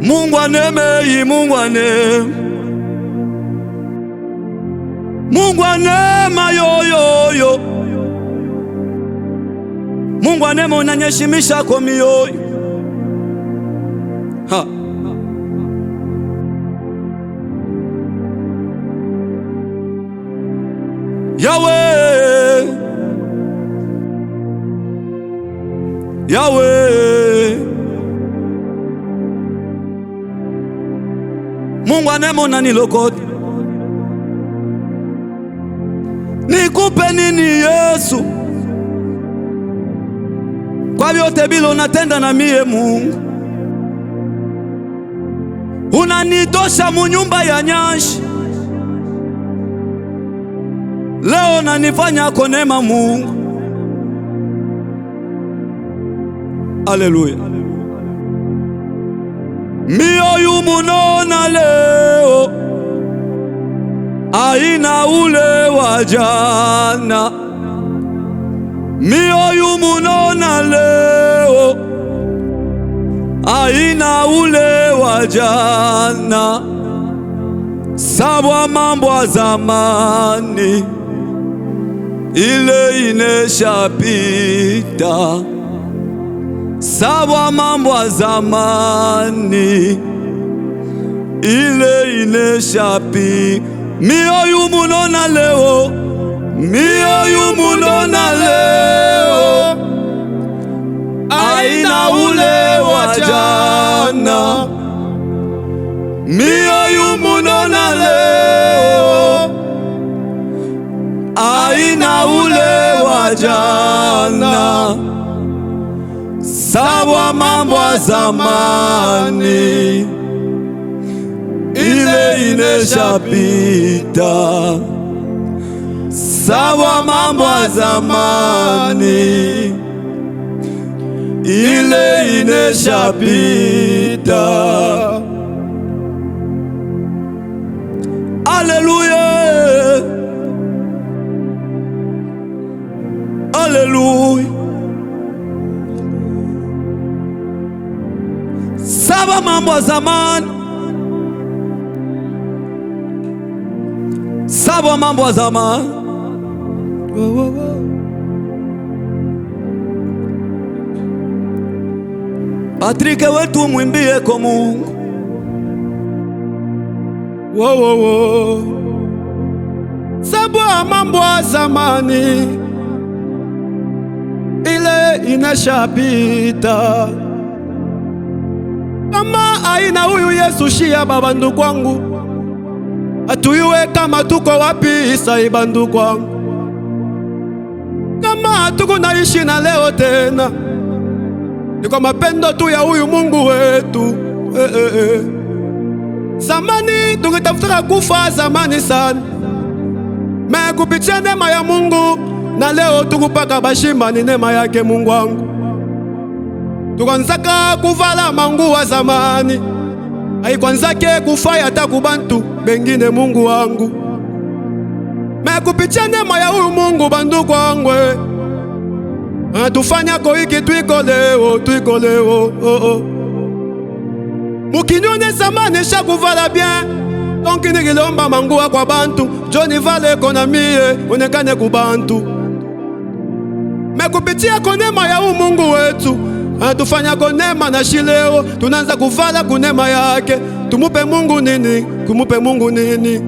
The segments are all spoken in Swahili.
Mungu Mungu ane mungwane meyi mungwane Mungu anema unanyeshimisha kwa mioyo ha. Yawe Yawe Mungu anemona nilokote nikupe nini Yesu kwa vyote bilo natenda na miye Mungu unanitosha munyumba ya nyashi leo nanifanya konema Mungu. Aleluya. Mioyo munaona leo aina ule wa jana, mioyo munaona leo aina ule wa jana, sawa mambo ya zamani ile ineshapita sawa mambo ya zamani, ile ile shapi mioyo munona leo, mioyo munona leo aina ule wa jana, mioyo munona leo aina ule wa jana sawa mambo ya zamani, ile ineshapita. Sawa mambo ya zamani, ile ineshapita mambo ya zamani, saba mambo ya zamani. Wow, wow, wow. Patrike wetu mwimbie kwa Mungu wow, wow, wow. Saba mambo ya zamani, ile inashapita mama aina huyu Yesu shia babandu kwangu, atuyuwe kama tuko wapi sai bandu kwangu, kama naishi na leo tena ni kwa mapendo tu ya huyu Mungu wetu eh, eh, eh. Zamani tungitafutaka kufa zamani sana, me kupitia neema ya Mungu na leo tukupaka bashima ni neema yake Mungu wangu tukanzaka kuvala manguwa zamani, aikwanzake kufaya hata kubantu bengine. Mungu wangu mekupitia neema ya uyu Mungu, banduku angwe atufanya koiki twikoleo twikoleo oh, oh. mukinyone zamani sha kuvala bien donki nikilomba manguwa kwa bantu joni vale kona miye onekane kubantu mekupitia konema ya uyu Mungu wetu atufanya konema na shileo tunaanza kuvala kunema yake. Tumupe Mungu nini? Kumupe Mungu nini?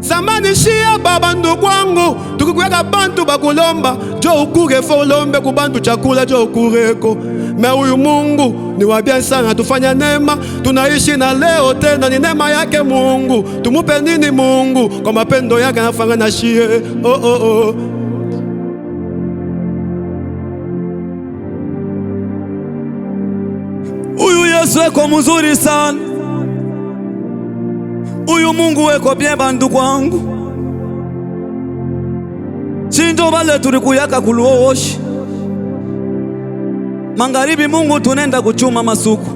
samani shia baba ndugu wangu, tukikuweka bantu bakulomba jo ukurefo ulombe kubantu chakula jo ukureko me uyu Mungu ni wabia sana, tufanya nema, tunaishi na leo tena ni nema yake Mungu. Tumupe nini Mungu kwa mapendo yake, nafanga na shie oh, oh, oh. Yesu weko muzuri sana, uyu Mungu weko bye bandu kwangu chindo bale tuli kuyaka kuluowoshi mangaribi Mungu tunenda kuchuma masuku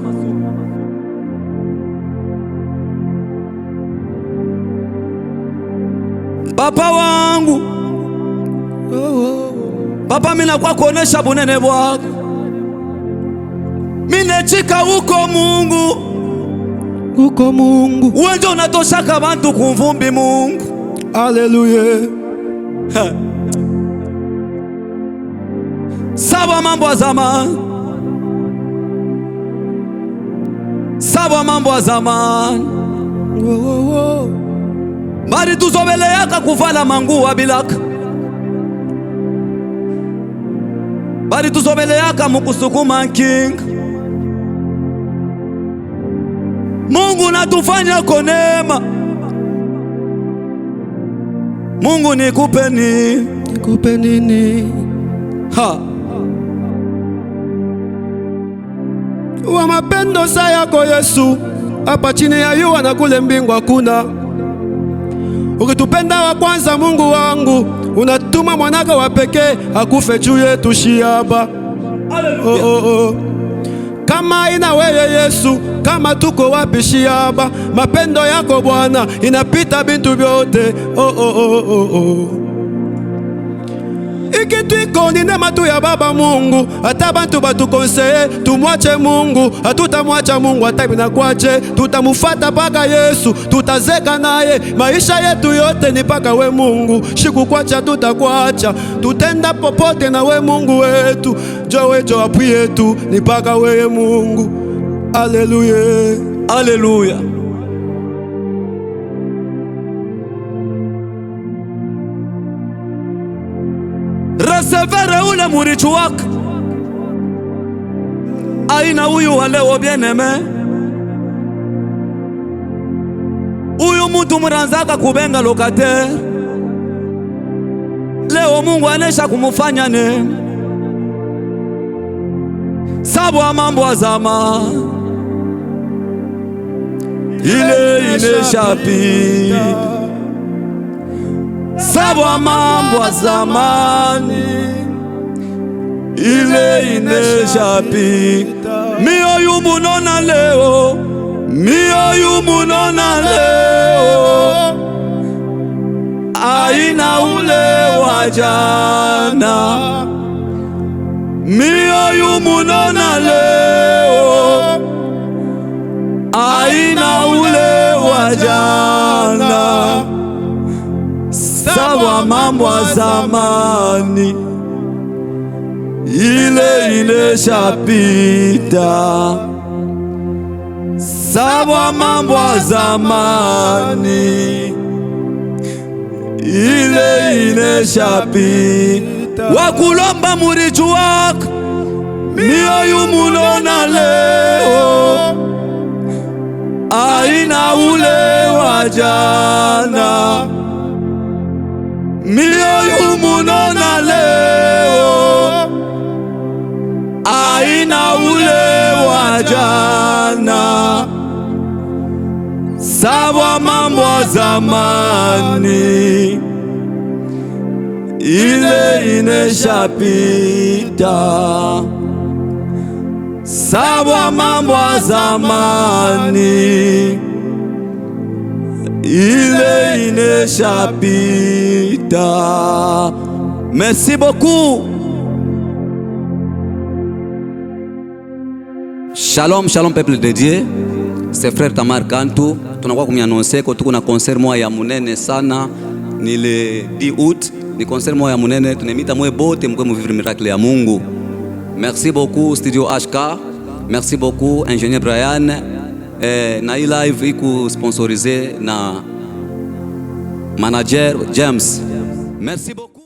papa wangu Papa mina kwakuonesha bunene bwako minechika uko Mungu uko Mungu wenje unatoshaka bantu kumvumbi Mungu. Aleluya. Sawa mambo ya zamani, sawa mambo ya zamani bali tuzobeleyaka kuvala manguwa bilaka bali tuzobeleyaka mukusukuma nkinga Mungu natufanya kwa neema. Mungu nikupe nini? Nikupe nini? Ha. Wa mapendo saa yako Yesu, hapa chini ya yua na kule mbingu hakuna. Ukitupenda wa kwanza Mungu wangu, unatuma mwanako wa pekee akufe juu yetu shiaba. Hallelujah. Oh, oh, oh kama ina wewe Yesu, kama tuko wapi shiaba? Mapendo yako Bwana inapita bintu vyote. oh, oh, oh, oh, oh. oh ikitwikondine matu ya baba Mungu, hata bantu batukonseye tumwache Mungu. Hatutamwacha Mungu hata binakwache, tutamufata paka Yesu, tutazeka naye. Maisha yetu yote ni paka we Mungu, shikukwacha tutakwacha, tutenda popote na we Mungu wetu, jowe jo apu yetu ni paka weye Mungu. Aleluya, aleluya. severe ule murici wak aina huyu wale wo bieneme uyu mutu muranzaka kubenga lokate leo Mungu anesha kumufanya ne sabwa mambo zama ile inesha pita wa mambo wa zamani ile ineshapita, yumu nona leo, mio yumu nona leo aina ule wa jana, yumu nona leo aina ule wa jana. mwa zamani ile ile shapita, sawa mambo ya zamani ile ile shapita. Wakulomba murichu murijuwaka mioyo mulona leo aina ule wa jana mioyo munona leo aina ule wa jana, sawa mambo zamani ile ineshapita, sawa mambo zamani ile ineshapita. Merci beaucoup. Shalom, shalom peuple de Dieu. C'est frère Tamar Kantu, tunakuwa kumianonse ko tuko na concert moya ya munene sana ni le 10 août, ni concert moya ya munene tunemita mwe bote mkwe muvivre miracle ya Mungu. Merci beaucoup Studio HK. Merci beaucoup ingénieur Brian eh, na hii live iku sponsorize na manager James. Merci beaucoup.